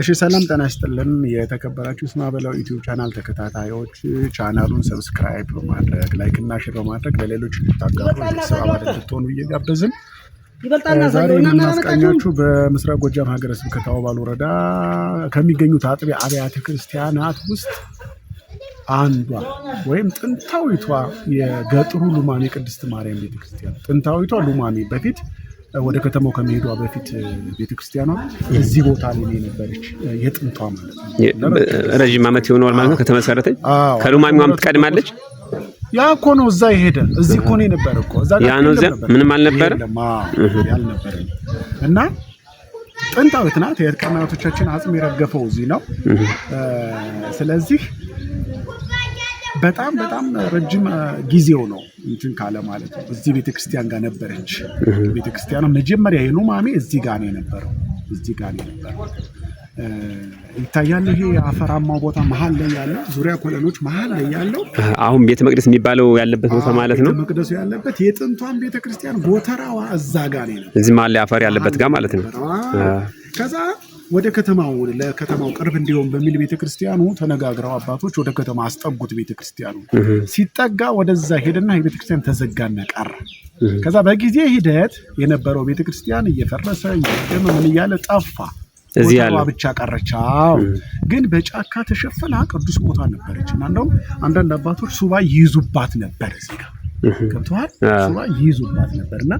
እሺ ሰላም ጤና ይስጥልን። የተከበራችሁ ይስማ ዩቲዩብ ቻናል ተከታታዮች ቻናሉን ሰብስክራይብ በማድረግ ላይክ እና ሼር በማድረግ ለሌሎች እንድታጋሩ ስራ እየጋበዝን ዛሬ የምናስቃኛችሁ በምስራቅ ጎጃም ሀገረ ስብከት አወባል ወረዳ ከሚገኙት አጥቢያ አብያተ ክርስቲያናት ውስጥ አንዷ ወይም ጥንታዊቷ የገጥሩ ሉማሜ ቅድስት ማርያም ቤተክርስቲያን ጥንታዊቷ ሉማሜ በፊት ወደ ከተማው ከመሄዷ በፊት ቤተክርስቲያኗ እዚህ ቦታ ላይ የነበረች የጥንቷ ማለት ነው። ረዥም ዓመት ይሆነዋል ማለት ነው ከተመሰረተ ከሉማሚዋም ትቀድማለች። ያ እኮ ነው እዛ የሄደ እዚህ እኮ ነው የነበረ እኮ እዛ ያ ነው እዚያ ምንም አልነበረ ያልነበረ እና ጥንታዊት ናት። የቀናቶቻችን አጽም የረገፈው እዚህ ነው። ስለዚህ በጣም በጣም ረጅም ጊዜው ነው እንትን ካለ ማለት ነው። እዚህ ቤተክርስቲያን ጋር ነበረች። ቤተክርስቲያን መጀመሪያ ማሜ እዚህ ጋር ነው የነበረው። እዚህ ጋር ነው የነበረው ይታያል። ይሄ የአፈራማው ቦታ መሀል ላይ ያለው ዙሪያ ኮለኖች መሀል ላይ ያለው አሁን ቤተ መቅደስ የሚባለው ያለበት ቦታ ማለት ነው። መቅደሱ ያለበት የጥንቷን ቤተክርስቲያን ጎተራዋ እዛ ጋር ነው። እዚህ መሀል ላይ አፈር ያለበት ጋር ማለት ነው። ከዛ ወደ ከተማው ለከተማው ቅርብ እንዲሆን በሚል ቤተክርስቲያኑ ተነጋግረው አባቶች ወደ ከተማ አስጠጉት። ቤተክርስቲያኑ ሲጠጋ ወደዛ ሄደና የቤተክርስቲያን ተዘጋና ቀረ። ከዛ በጊዜ ሂደት የነበረው ቤተክርስቲያን እየፈረሰ እየደመ ምን እያለ ጠፋ። እዚህ ብቻ ቀረች። ግን በጫካ ተሸፈና ቅዱስ ቦታ ነበረች እና እንደውም አንዳንድ አባቶች ሱባ ይይዙባት ነበር እዚህ ጋር ገብተዋል ይይዙባት ነበር እና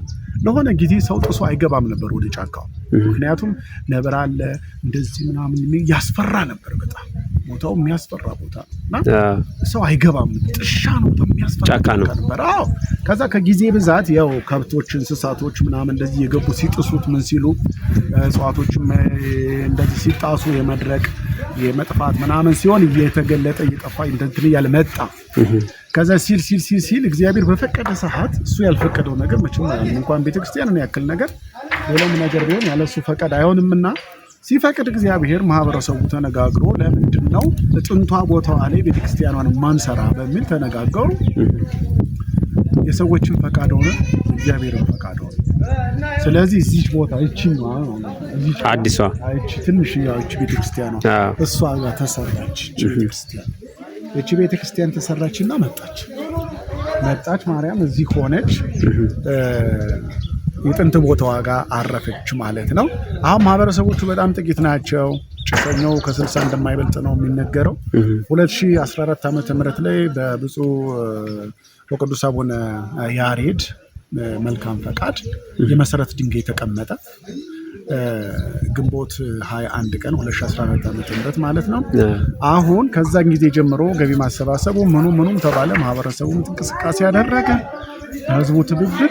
ለሆነ ጊዜ ሰው ጥሶ አይገባም ነበር ወደ ጫካው። ምክንያቱም ነብር አለ እንደዚህ ምናምን ያስፈራ ነበር በጣም ቦታው የሚያስፈራ ቦታ እና ሰው አይገባም ጥሻ ነው የሚያስፈራ ነበር። አዎ ከዛ ከጊዜ ብዛት ያው ከብቶች፣ እንስሳቶች ምናምን እንደዚህ የገቡ ሲጥሱት ምን ሲሉ እጽዋቶችም እንደዚህ ሲጣሱ የመድረቅ የመጥፋት ምናምን ሲሆን እየተገለጠ እየጠፋ እንትን እያለ መጣ። ከዛ ሲል ሲል ሲል ሲል እግዚአብሔር በፈቀደ ሰዓት እሱ ያልፈቀደው ነገር መቼም እንኳን ቤተክርስቲያንን ያክል ነገር ሌላም ነገር ቢሆን ያለሱ ፈቃድ አይሆንምና ሲፈቅድ እግዚአብሔር ማህበረሰቡ ተነጋግሮ ለምንድን ነው ጥንቷ ቦታዋ ላይ ቤተክርስቲያኗን ማንሰራ በሚል ተነጋገሩ። የሰዎችን ፈቃድ ሆነ እግዚአብሔርን ፈቃድ ሆነ። ስለዚህ እዚች ቦታ እቺ አዲሷ ትንሽ ቤተክርስቲያን ነው። እሷ ጋር ተሰራች። ቤተክርስቲያን እቺ ቤተክርስቲያን ተሰራች እና መጣች መጣች ማርያም እዚህ ሆነች። የጥንት ቦታዋ ጋር አረፈች ማለት ነው። አሁን ማህበረሰቦቹ በጣም ጥቂት ናቸው። ጭሰኛው ከስልሳ እንደማይበልጥ ነው የሚነገረው። 2014 ዓመተ ምህረት ላይ በብፁዕ ወቅዱስ አቡነ ያሬድ መልካም ፈቃድ የመሰረት ድንጋይ ተቀመጠ። ግንቦት 21 ቀን 2014 ዓ ም ማለት ነው። አሁን ከዛን ጊዜ ጀምሮ ገቢ ማሰባሰቡ ምኑ ምኑም ተባለ። ማህበረሰቡ እንቅስቃሴ ያደረገ ህዝቡ ትብብር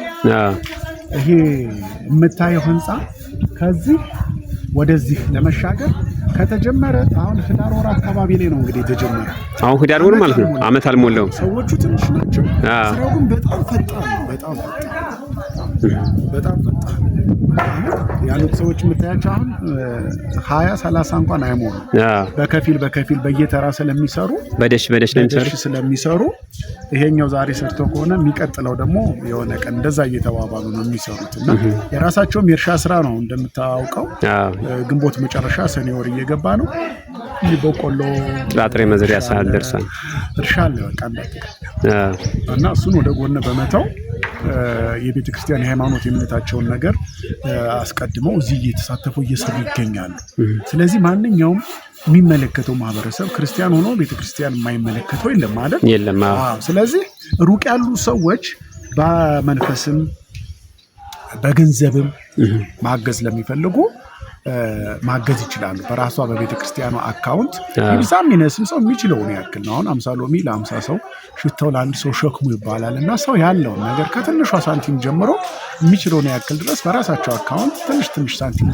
ይሄ የምታየው ህንፃ ከዚህ ወደዚህ ለመሻገር ከተጀመረ አሁን ህዳር ወር አካባቢ ላይ ነው እንግዲህ የተጀመረ። አሁን ህዳር ወር ማለት ነው። አመት አልሞላውም። ሰዎቹ ትንሽ ናቸው። ስራው ግን በጣም ፈጣን ነው። በጣም ፈጣን በጣም ፈጣን ያሉት ሰዎች የምታያቸው አሁን ሀያ ሰላሳ እንኳን አይሞሉ በከፊል በከፊል በየተራ ስለሚሰሩ በደሽ በደሽ ስለሚሰሩ ይሄኛው ዛሬ ሰርተው ከሆነ የሚቀጥለው ደግሞ የሆነ ቀን እንደዛ እየተባባሉ ነው የሚሰሩት እና የራሳቸውም የእርሻ ስራ ነው እንደምታውቀው። ግንቦት መጨረሻ ሰኔ ወር እየገባ ነው። በቆሎ ጥራጥሬ መዝሪያ ሰዓት ደርሷል። እርሻ አለ በቃ እና እሱን ወደ ጎን በመተው የቤተ ክርስቲያን የሃይማኖት የእምነታቸውን ነገር አስቀድመው እዚህ እየተሳተፉ እየሰሩ ይገኛሉ። ስለዚህ ማንኛውም የሚመለከተው ማህበረሰብ ክርስቲያን ሆኖ ቤተ ክርስቲያን የማይመለከተው የለም ማለት የለም። ስለዚህ ሩቅ ያሉ ሰዎች በመንፈስም በገንዘብም ማገዝ ለሚፈልጉ ማገዝ ይችላሉ። በራሷ በቤተ አካውንት ይብዛም ይነስም ሰው የሚችለውን ያክል ነው። አሁን አምሳ ሎሚ ለአምሳ ሰው ሽተው ለአንድ ሰው ሸክሙ ይባላል እና ሰው ያለውን ነገር ከትንሿ ሳንቲም ጀምሮ የሚችለውን ያክል ድረስ በራሳቸው አካውንት ትንሽ ትንሽ ሳንቲም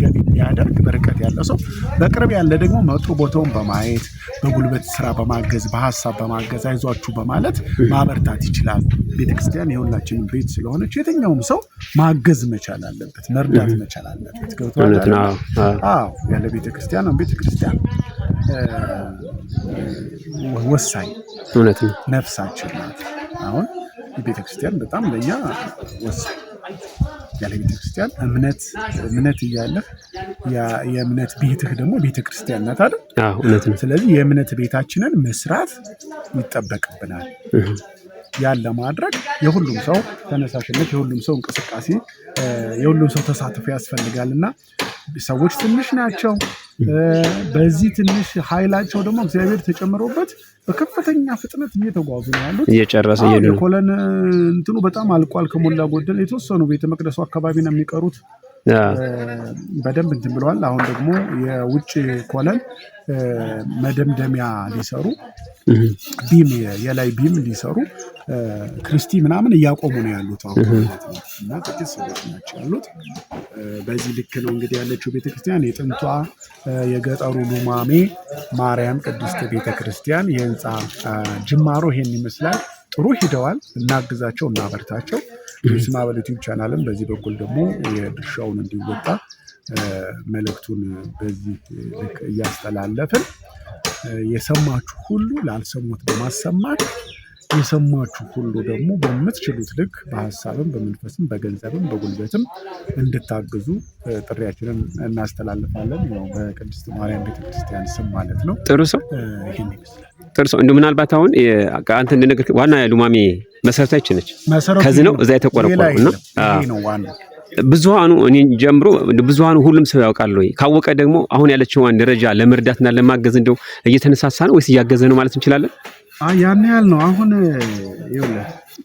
እንዲያገኝ ቢያደርግ በርቀት ያለ ሰው በቅርብ ያለ ደግሞ መጡ ቦታውን በማየት በጉልበት ስራ በማገዝ በሀሳብ በማገዝ አይዟችሁ በማለት ማበርታት ይችላል። ቤተክርስቲያን የሁላችንም ቤት ስለሆነች የትኛውም ሰው ማገዝ መቻል አለበት፣ መርዳት መቻል አለበት። ገብቶሃል? አዎ ያለ ቤተክርስቲያን ነው። ቤተክርስቲያን ወሳኝ እውነት ነፍሳችን ናት። አሁን ቤተክርስቲያን በጣም ለእኛ ወሳኝ ያለ ቤተክርስቲያን እምነት እምነት እያለ የእምነት ቤትህ ደግሞ ቤተክርስቲያን ናት አይደል? ስለዚህ የእምነት ቤታችንን መስራት ይጠበቅብናል። ያን ለማድረግ የሁሉም ሰው ተነሳሽነት፣ የሁሉም ሰው እንቅስቃሴ፣ የሁሉም ሰው ተሳትፎ ያስፈልጋል እና ሰዎች ትንሽ ናቸው። በዚህ ትንሽ ኃይላቸው ደግሞ እግዚአብሔር ተጨምሮበት በከፍተኛ ፍጥነት እየተጓዙ ነው ያሉት። እየጨረሰ የኮለን እንትኑ በጣም አልቋል ከሞላ ጎደል። የተወሰኑ ቤተ መቅደሱ አካባቢ ነው የሚቀሩት። በደንብ እንትን ብለዋል። አሁን ደግሞ የውጭ ኮለን መደምደሚያ ሊሰሩ ቢም የላይ ቢም ሊሰሩ ክርስቲ ምናምን እያቆሙ ነው ያሉት እና ጥቂት ሰዎች ናቸው ያሉት። በዚህ ልክ ነው እንግዲህ ያለችው ቤተክርስቲያን የጥንቷ የገጠሩ ሉማሜ ማርያም ቅድስት ቤተክርስቲያን የህንፃ ጅማሮ ይሄን ይመስላል። ጥሩ ሂደዋል። እናግዛቸው፣ እናበርታቸው። ስማበል ዩቲዩብ ቻናልም በዚህ በኩል ደግሞ የድርሻውን እንዲወጣ መልእክቱን በዚህ ልክ እያስተላለፍን የሰማችሁ ሁሉ ላልሰሙት በማሰማት የሰማችሁ ሁሉ ደግሞ በምትችሉት ልክ በሀሳብም በመንፈስም በገንዘብም በጉልበትም እንድታግዙ ጥሪያችንን እናስተላልፋለን። ያው በቅድስት ማርያም ቤተክርስቲያን ስም ማለት ነው። ጥሩ ሰው ይህን ይመስላል። ጥሩ ሰው እንዲሁ ምናልባት አሁን አንተ እንደነገር ዋና ሉማሜ መሰረታችን ነች። ከዚህ ነው እዛ የተቆረቆረው ነው ዋና ብዙሃኑ እኔን ጀምሮ ብዙሃኑ ሁሉም ሰው ያውቃል ወይ? ካወቀ ደግሞ አሁን ያለችዋን ደረጃ ለመርዳትና ለማገዝ እንደው እየተነሳሳ ነው ወይስ እያገዘ ነው ማለት እንችላለን? ያን ያህል ነው። አሁን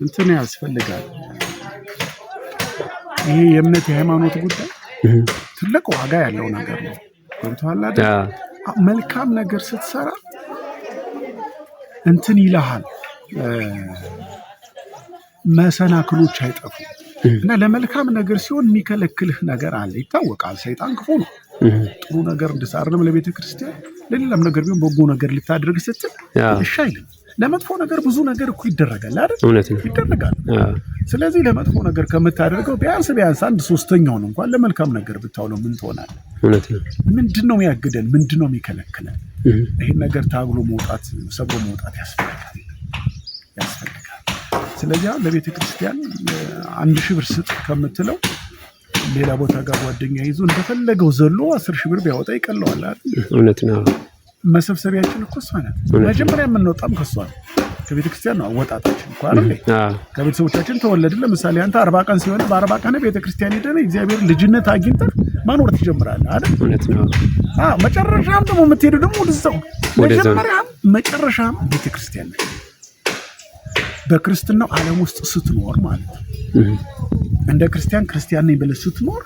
እንትን ያስፈልጋል። ይሄ የእምነት የሃይማኖት ጉዳይ ትልቅ ዋጋ ያለው ነገር ነው። ገብቶሃል አይደል? መልካም ነገር ስትሰራ እንትን ይልሃል፣ መሰናክሎች አይጠፉም። እና ለመልካም ነገር ሲሆን የሚከለክልህ ነገር አለ፣ ይታወቃል። ሰይጣን ክፉ ነው። ጥሩ ነገር እንድሳርንም ለቤተ ክርስቲያን ለሌላም ነገር ቢሆን በጎ ነገር ልታደርግ ስትል እሺ አይልም። ለመጥፎ ነገር ብዙ ነገር እኮ ይደረጋል አይደል? ይደረጋል። ስለዚህ ለመጥፎ ነገር ከምታደርገው ቢያንስ ቢያንስ አንድ ሶስተኛውን እንኳን ለመልካም ነገር ብታውለው ምን ትሆናለህ? ምንድን ነው የሚያግደን? ምንድን ነው የሚከለክለን? ይህን ነገር ታግሎ መውጣት፣ ሰብሮ መውጣት ያስፈልጋል። ስለዚያ ለቤተ ክርስቲያን አንድ ሺህ ብር ስጥ ከምትለው ሌላ ቦታ ጋር ጓደኛ ይዞ እንደፈለገው ዘሎ አስር ሺህ ብር ቢያወጣ ይቀለዋል። እውነት ነው። መሰብሰቢያችን እኮ እሷ ናት። መጀመሪያ የምንወጣም ከሷ ነው ከቤተ ክርስቲያን ነው አወጣጣችን እኮ አይደል? ከቤተሰቦቻችን ተወለድን። ለምሳሌ አንተ አርባ ቀን ሲሆን በአርባ ቀን ቤተ ክርስቲያን ሄደን እግዚአብሔር ልጅነት አግኝተህ ማኖር ትጀምራለህ አይደል? መጨረሻም ደግሞ የምትሄዱ ደግሞ ወደዛው መጀመሪያም መጨረሻም ቤተ ክርስቲያን ነው። በክርስትናው ዓለም ውስጥ ስትኖር ማለት ነው። እንደ ክርስቲያን ክርስቲያን ነኝ ብለህ ስትኖር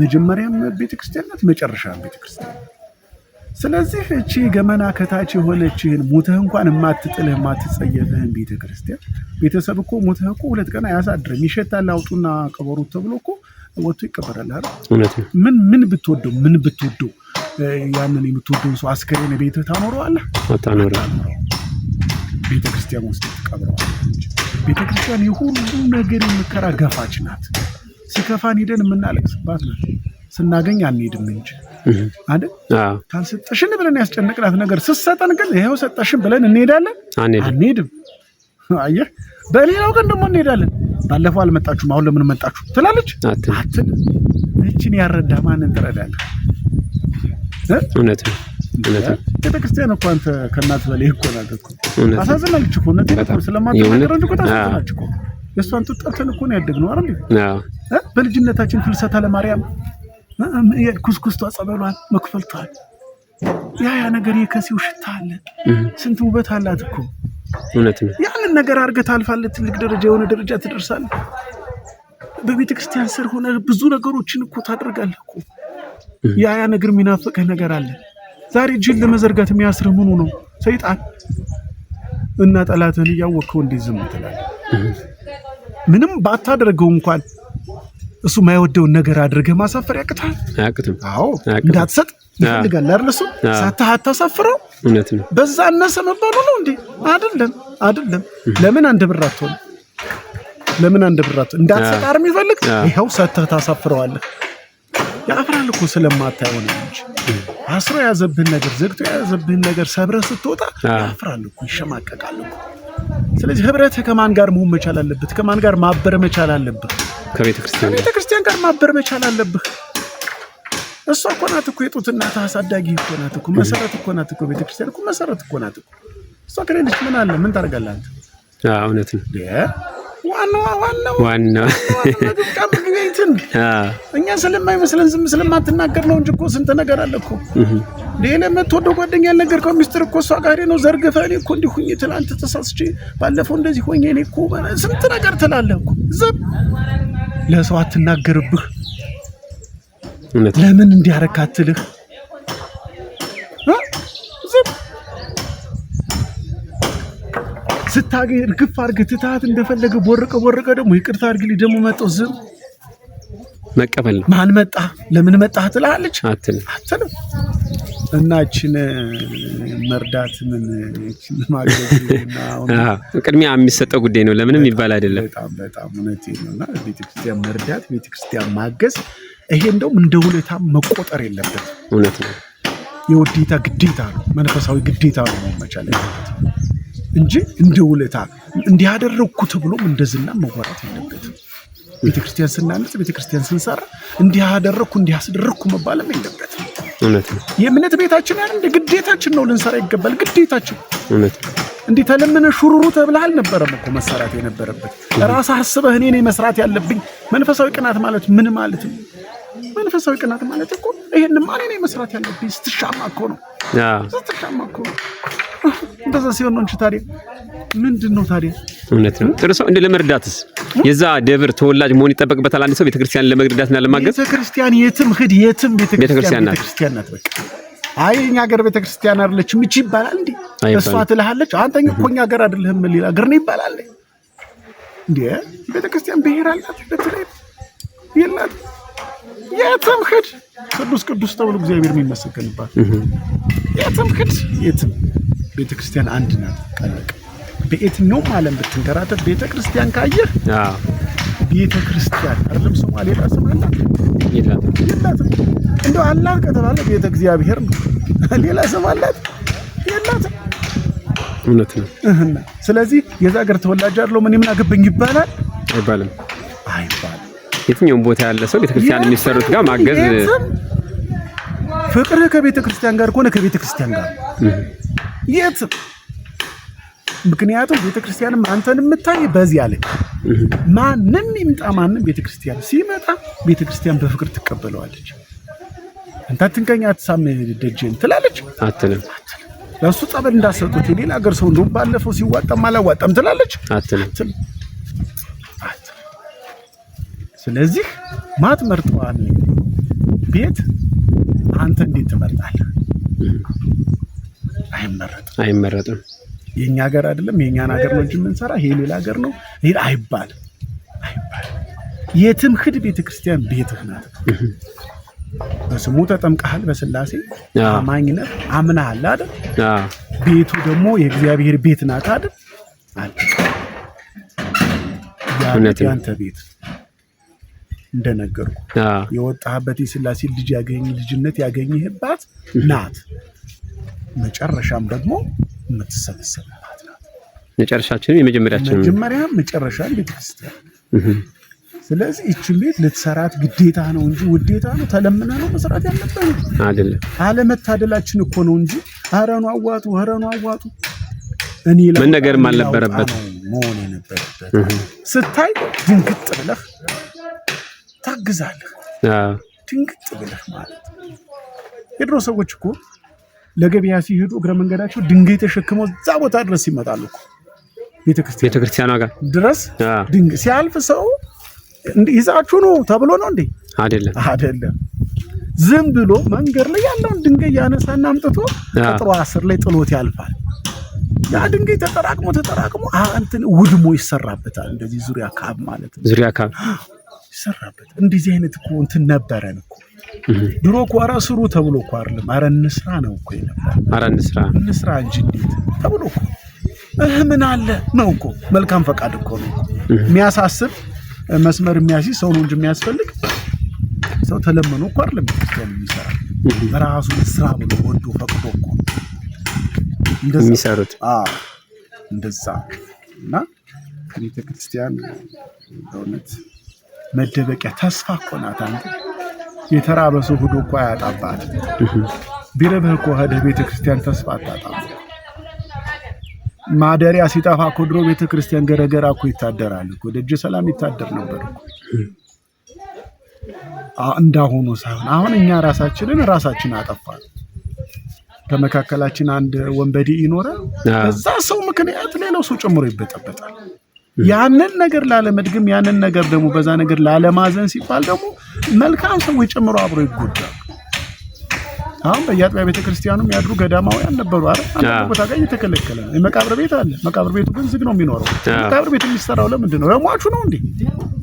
መጀመሪያም ቤተክርስቲያን ናት፣ መጨረሻም ቤተክርስቲያን። ስለዚህ እቺ ገመና ከታች የሆነችህን ሞተህ እንኳን የማትጥልህ የማትጸየፍህን ቤተክርስቲያን ቤተሰብ እኮ ሞተህ እኮ ሁለት ቀን አያሳድርም። ይሸታል፣ አውጡና ቅበሩት ተብሎ እኮ ወጥቶ ይቀበራል። አ ምን ምን ብትወደው ምን ብትወደው ያንን የምትወደውን ሰው አስከሬን ቤትህ ታኖረዋለህ? ቤተ ክርስቲያን ውስጥ ቀብረዋለች። ቤተ ክርስቲያን የሁሉ ነገር የምከራ ገፋች ናት። ሲከፋን ሄደን የምናለቅስባት ናት። ስናገኝ አንሄድም እንጂ አይደል? ካልሰጠሽን ብለን ያስጨነቅናት ነገር ስትሰጠን ግን ይኸው ሰጠሽን ብለን እንሄዳለን፣ አንሄድም። አየህ፣ በሌላው ግን ደግሞ እንሄዳለን። ባለፈው አልመጣችሁም አሁን ለምን መጣችሁ ትላለች። አትን እችን ያረዳ ማንን ትረዳለህ? እውነት ነው። ቤተክርስቲያን እኮ አንተ ከእናት በላይ እኮ ናት እኮ አሳዝናለች እኮ እውነቴን ስለማትናገረን እኮ ታሳዝናለች እኮ የእሷን ትጠልተን እኮ ነው ያደግነው አይደል በልጅነታችን ፍልሰታ ለማርያም ኩስኩስቷ ጸበሏል መክፈልቷል ያ ያ ነገር የከሲው ሽታ አለ ስንት ውበት አላት እኮ እውነት ነው ያንን ነገር አድርገህ ታልፋለህ ትልቅ ደረጃ የሆነ ደረጃ ትደርሳለህ በቤተ ክርስቲያን ስር ሆነ ብዙ ነገሮችን እኮ ታደርጋለህ እኮ ያ ያ ነገር የሚናፍቅህ ነገር አለ ዛሬ እጅን ለመዘርጋት የሚያስር ምኑ ነው? ሰይጣን እና ጠላትህን እያወቅኸው እንዴት ዝም ትላለህ? ምንም ባታደርገው እንኳን እሱ የማይወደውን ነገር አድርገህ ማሳፈር ያቅታል። አዎ እንዳትሰጥ ይፈልጋል አይደል? እሱ ሳታህ አታሳፍረው። በዛ አነሰ መባሉ ነው እንዴ? አይደለም፣ አይደለም። ለምን አንድ ብር አትሆን? ለምን አንድ ብር አትሆን? እንዳትሰጥ አይደል የሚፈልግ? ይኸው ሰተህ ታሳፍረዋለህ። ያፍራል እኮ ስለማታየው እንጂ አስሮ የያዘብህን ነገር ዘግቶ የያዘብህን ነገር ሰብረህ ስትወጣ ያፍራል እኮ ይሸማቀቃል እኮ። ስለዚህ ህብረትህ ከማን ጋር መሆን መቻል አለበት? ከማን ጋር ማበር መቻል አለብህ? ከቤተክርስቲያን ጋር ማበር መቻል አለብህ። እሷ እኮ ናት እኮ የጡት እናትህ አሳዳጊ እኮ ናት እኮ መሰረት እኮ ናት እኮ ቤተክርስቲያን እኮ መሰረት እኮ ናት እኮ። እሷ ከሌለች ምን አለ? ምን ታደርጋለህ አንተ? እውነት ነው ዋናዋ እኛ ስለማይመስለን ዝም ስለማትናገር ነው እንጂ እኮ ስንት ነገር አለ እኮ። ሌላ የምትወደው ጓደኛ ያልነገርከው ሚስጥር እኮ እሷ ጋር ነው ዘርግፈ እኔ እኮ እንዲህ ሁኜ ትናንት ተሳስቼ ባለፈው እንደዚህ ሆኜ እኔ እኮ ስንት ነገር ትላለህ እኮ። ዝም ለሰው አትናገርብህ። ለምን እንዲያረካትልህ ስታገኝ እርግፍ አድርገህ ትታት እንደፈለገ ቦርቀ ቦርቀ ደግሞ ይቅርታ አድርግልኝ ደግሞ መጠው ዝም መቀበል ነው። ማን መጣ ለምን መጣህ ትላለች አትልም እና እናችን መርዳት ምን ማገዝና ቅድሚያ የሚሰጠው ጉዳይ ነው። ለምንም ይባል አይደለም። በጣም በጣም እውነት ነውና ቤተክርስቲያን መርዳት፣ ቤተክርስቲያን ማገዝ ይሄ እንደውም እንደ ሁኔታ መቆጠር የለበትም። እውነት ነው። የውዴታ ግዴታ ነው። መንፈሳዊ ግዴታ ነው መቻል እንጂ እንደ ውለታ እንዲያደረግኩ ተብሎም እንደ ዝና መወራት የለበትም። ቤተክርስቲያን ስናነጽ፣ ቤተክርስቲያን ስንሰራ እንዲያደረግኩ እንዲያስደረግኩ መባለም የለበትም። የእምነት ቤታችን እንደ ግዴታችን ነው ልንሰራ ይገባል። ግዴታችን እንዲህ ተለምነ ሹሩሩ ተብለህ አልነበረም እኮ መሰራት የነበረበት። ራስ አስበህ እኔ ነኝ መስራት ያለብኝ። መንፈሳዊ ቅናት ማለት ምን ማለት ነው? መንፈሳዊ ቅናት ማለት እኮ ይሄንማ እኔ ነኝ መስራት ያለብኝ ስትሻማ እኮ ነው ስትሻማ እኮ ነው እንደዛ ሲሆን ነው እንጂ ታዲያ ምንድን ነው ታዲያ? እውነት ነው። ጥሩ ሰው እንደ ለመርዳትስ የዛ ደብር ተወላጅ መሆን ይጠበቅበታል። አንድ ሰው ቤተክርስቲያን ለመርዳትና ለማገዝ ቤተክርስቲያን የትም ሂድ የትም ቤተክርስቲያን ናት። አይ እኛ ሀገር ቤተክርስቲያን አይደለች እቺ ይባላል እንዴ? እሷ ትልሃለች። አንተኛ እኮ እኛ ሀገር አይደለህም ሌላ ሀገር ነው ይባላል እንዴ? ቤተክርስቲያን ብሔር አላት በተለይ የላት የትም ሂድ ቅዱስ ቅዱስ ተብሎ እግዚአብሔር የሚመሰገንባት የትም ሂድ የትም ቤተ ክርስቲያን አንድ ናት። ጠለቅ በየትኛውም ዓለም ብትንከራተት ቤተ ክርስቲያን ካየህ ቤተ ክርስቲያን አይደለም ሶማሌ ራስ ይላል እንደው አላህ ከተባለ ቤተ እግዚአብሔር ነው። ሌላ ስም አላት የላትም። እውነት ነው። ስለዚህ የዛ ሀገር ተወላጅ አይደለሁ ምን ምን አገባኝ ይባላል አይባልም። አይባልም። የትኛውም ቦታ ያለ ሰው ቤተ ክርስቲያን የሚሰሩት ጋር ማገዝ ፍቅርህ ከቤተ ክርስቲያን ጋር ከሆነ ከቤተ ክርስቲያን ጋር የት ምክንያቱም ቤተክርስቲያንም አንተን የምታይ በዚህ አለ። ማንም ይምጣ ማንም ቤተክርስቲያን ሲመጣ ቤተክርስቲያን በፍቅር ትቀበለዋለች። አንተ አትንቀኝ፣ አትሳም ደጀን ትላለች። አትልም። ለእሱ ጸበል እንዳሰጡት የሌላ ሀገር ሰው እንደውም ባለፈው ሲዋጣም አላዋጣም ትላለች። አትልም። ስለዚህ ማትመርጠዋን ቤት አንተ እንዴት ትመርጣል? አይመረጥም አይመረጥም። የእኛ ሀገር አይደለም የእኛን ሀገር ነው እንጂ የምንሰራ ይሄ ሌላ ሀገር ነው ይሄ አይባልም አይባልም። የትም ሂድ ቤተክርስቲያን ቤትህ ናት። በስሙ ተጠምቀሃል፣ በስላሴ አማኝነት አምናሃል አይደል? ቤቱ ደግሞ የእግዚአብሔር ቤት ናት አይደል? ያንተ ቤት እንደነገርኩ የወጣህበት የስላሴ ልጅ ያገኝ ልጅነት ያገኘህባት ናት። መጨረሻም ደግሞ የምትሰበሰብባት ናት። መጨረሻችንም የመጀመሪያችን መጀመሪያም መጨረሻም ቤተክርስቲያን። ስለዚህ ይችን ቤት ልትሰራት ግዴታ ነው እንጂ ውዴታ ነው ተለምነ ነው መስራት ያለበት አይደለም። አለመታደላችን እኮ ነው እንጂ አረኑ አዋጡ፣ አረኑ አዋጡ እኔ ነገርም አልነበረበት መሆን የነበረበት ስታይ ድንግጥ ብለህ ታግዛለህ። ድንግጥ ብለህ ማለት የድሮ ሰዎች እኮ ለገበያ ሲሄዱ እግረ መንገዳቸው ድንጋይ ተሸክመው እዛ ቦታ ድረስ ይመጣሉ። ቤተክርስቲያኗ ጋር ድረስ ድንጋይ ሲያልፍ ሰው ይዛችሁ ነው ተብሎ ነው እንዴ? አይደለም፣ አይደለም። ዝም ብሎ መንገድ ላይ ያለውን ድንጋይ ያነሳና አምጥቶ ቅጥሩ አስር ላይ ጥሎት ያልፋል። ያ ድንጋይ ተጠራቅሞ ተጠራቅሞ እንትን ውድሞ ይሰራበታል። እንደዚህ ዙሪያ ካብ ማለት ነው። ዙሪያ ካብ ይሰራበታል። እንደዚህ አይነት እኮ እንትን ነበረን እኮ ድሮ እኮ ኧረ ስሩ ተብሎ እኮ አይደለም፣ ኧረ እንስራ ነው እኮ የነበር። ኧረ እንስራ እንስራ እንጂ እንዴት ተብሎ እኮ እህ ምን አለ ነው እኮ መልካም ፈቃድ እኮ ነው የሚያሳስብ መስመር የሚያስይዝ ሰው ነው እንጂ የሚያስፈልግ ሰው ተለመኖ እኮ አይደለም ክርስቲያን የሚሰራ በራሱ ስራ ብሎ ወዶ ፈቅዶ እኮ የሚሰሩት እንደዛ እና ቤተ ክርስቲያን በእውነት መደበቂያ ተስፋ እኮ ናት አንተ የተራበ ሰው ሂዶ እኮ አያጣባት። ቢረብህ እኮ ሄደህ ቤተ ክርስቲያን ተስፋ አታጣም። ማደሪያ ሲጠፋ እኮ ድሮ ቤተ ክርስቲያን ገረገራ እኮ ይታደራል እኮ ደጀ ሰላም ይታደር ነበር እኮ እንዳሁኑ ሳይሆን፣ አሁን እኛ ራሳችንን ራሳችን አጠፋል። ከመካከላችን አንድ ወንበዴ ይኖራል። በዛ ሰው ምክንያት ሌላው ሰው ጨምሮ ይበጠበጣል። ያንን ነገር ላለመድግም ያንን ነገር ደግሞ በዛ ነገር ላለማዘን ሲባል ደግሞ መልካም ሰዎች ጨምሮ አብሮ ይጎዳል። አሁን በየአጥቢያ ቤተክርስቲያኑ የሚያድሩ ገዳማውያን ነበሩ። አረ ቦታ ጋር እየተከለከለ ነው። የመቃብር ቤት አለ። መቃብር ቤቱ ግን ዝግ ነው የሚኖረው። መቃብር ቤት የሚሰራው ለምንድን ነው? ለሟቹ ነው እንዴ?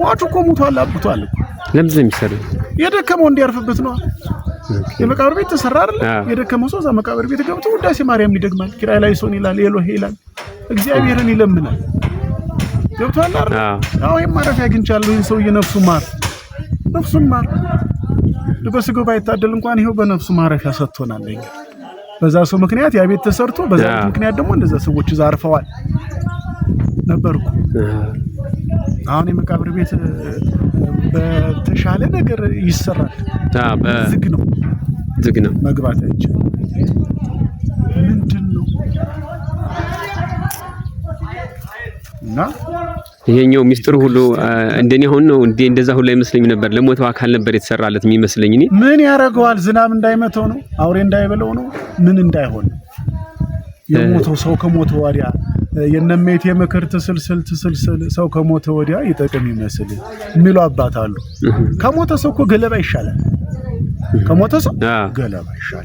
ሟቹ እኮ ሙቷል፣ አብቷል። ለምንድን ነው የደከመው እንዲያርፍበት ነው። የመቃብር ቤት ተሰራ አለ። የደከመው ሰው እዛ መቃብር ቤት ገብቶ ውዳሴ ማርያም ይደግማል። ኪራይ ላይ ሶን ይላል፣ ኤሎሄ ይላል፣ እግዚአብሔርን ይለምናል። ገብቷል አይደል? አዎ ይሄን ማረፊያ አግኝቻለሁ። ይሄን ሰውዬ ነፍሱን ማር ነፍሱን ማር በስጋው ባይታደል እንኳን ይሄው በነፍሱ ማረፊያ ሰጥቶናል። በዛ ሰው ምክንያት ያ ቤት ተሰርቶ በዛ ምክንያት ደግሞ እንደዛ ሰዎች እዛ አርፈዋል ነበርኩ። አሁን የመቃብር ቤት በተሻለ ነገር ይሰራል። ዝግ ነው ዝግ ነው መግባት አይቻልም። ምንድን ነው ይሄኛው ሚስጥሩ ሁሉ እንደኔ ሆኖ ነው እንዴ? እንደዛ ሁሉ አይመስለኝም ነበር። ለሞተው አካል ነበር የተሰራለት የሚመስለኝ እኔ። ምን ያደርገዋል? ዝናብ እንዳይመተው ነው፣ አውሬ እንዳይበለው ነው፣ ምን እንዳይሆን የሞተው ሰው ከሞተ ወዲያ የነሜት የምክር ትስልስል ትስልስል ሰው ከሞተ ወዲያ ይጠቅም ይመስል የሚሉ አባት አሉ። ከሞተ ሰው እኮ ገለባ ይሻላል። ከሞተ ሰው ገለባ ይሻላል።